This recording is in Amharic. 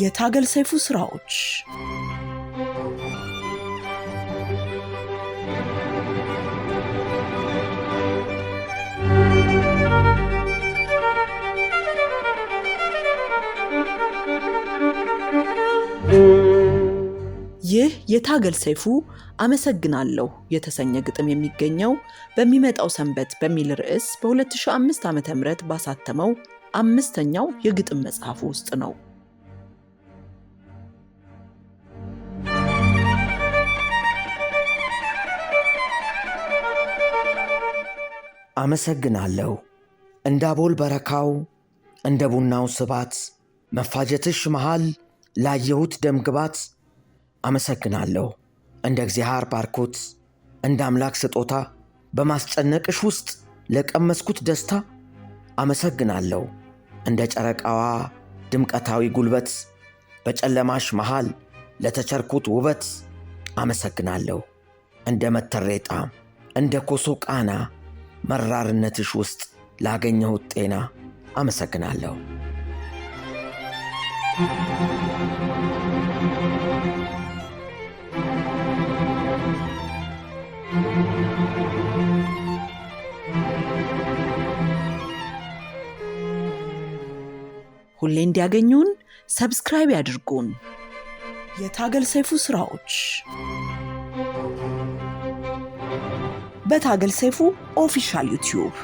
የታገል ሰይፉ ስራዎች ይህ የታገል ሰይፉ አመሰግናለሁ የተሰኘ ግጥም የሚገኘው በሚመጣው ሰንበት በሚል ርዕስ በ ዓ ም ባሳተመው አምስተኛው የግጥም መጽሐፉ ውስጥ ነው። አመሰግናለሁ። እንደ አቦል በረካው እንደ ቡናው ስባት መፋጀትሽ መሃል ላየሁት ደምግባት አመሰግናለሁ። እንደ እግዚአር ባርኮት እንደ አምላክ ስጦታ በማስጨነቅሽ ውስጥ ለቀመስኩት ደስታ አመሰግናለሁ። እንደ ጨረቃዋ ድምቀታዊ ጉልበት በጨለማሽ መሃል ለተቸርኩት ውበት አመሰግናለሁ። እንደ መተሬጣ እንደ ኮሶ ቃና መራርነትሽ ውስጥ ላገኘሁት ጤና አመሰግናለሁ። ሁሌ እንዲያገኙን ሰብስክራይብ ያድርጉን። የታገል ሰይፉ ስራዎች በታገል ሰይፉ ኦፊሻል ዩቲዩብ